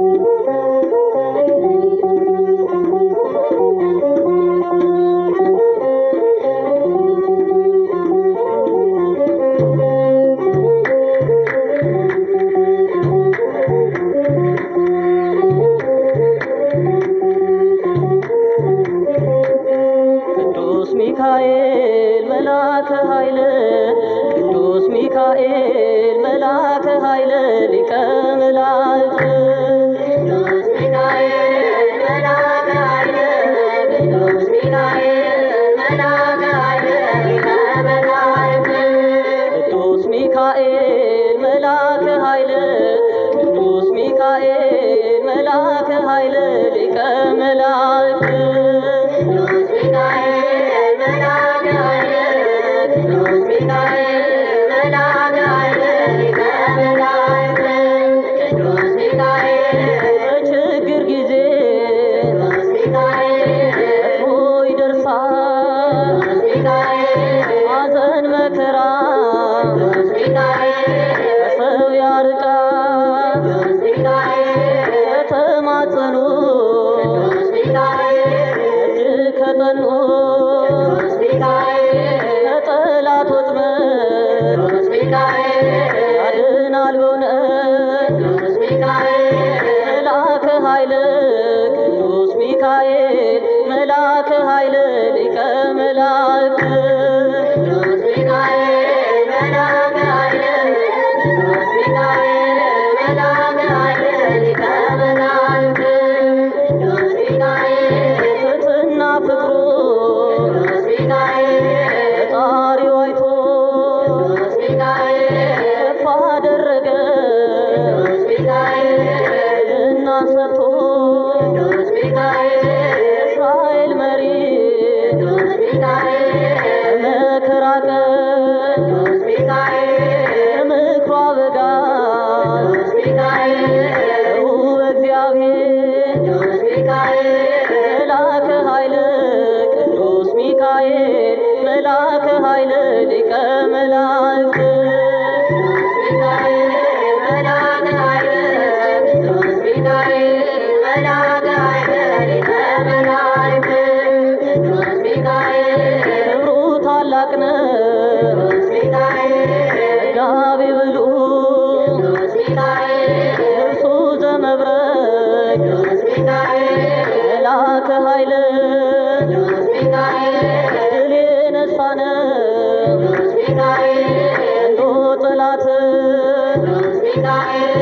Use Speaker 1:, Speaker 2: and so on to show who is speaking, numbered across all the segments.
Speaker 1: ቅዱስ ሚካኤል መልአከ ኃይል ቅዱስ ሚካኤል Aê! ሊቀ መላእክት ከኃይለ ሊቀ መላእክት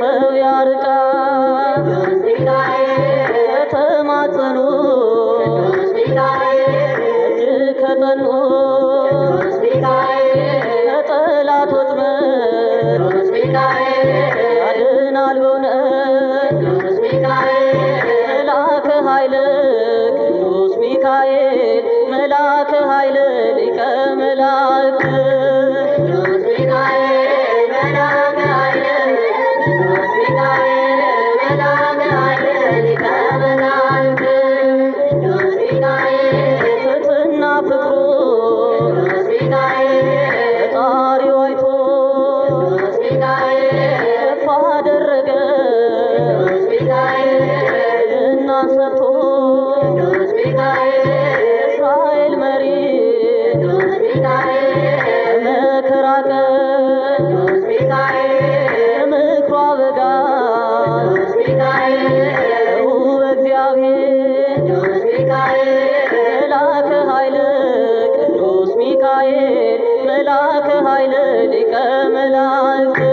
Speaker 1: ከሰው ያርቃል ከተማጸኑ እጅ ከጠኑ ከጠላት ወጥመድ መላከ ኃይለ ሊቀ መላእክት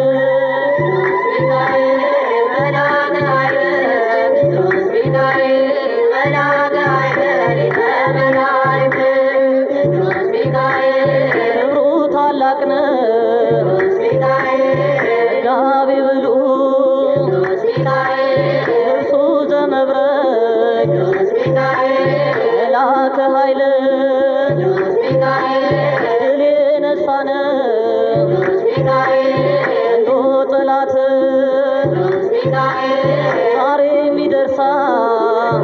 Speaker 2: ዛሬም
Speaker 1: ይደርሳል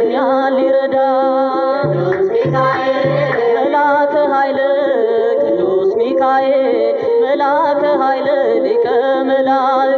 Speaker 1: እኛ ሊረዳ መላከ ኃይለ ቅዱስ ሚካኤል መላከ ኃይለ ሊቀ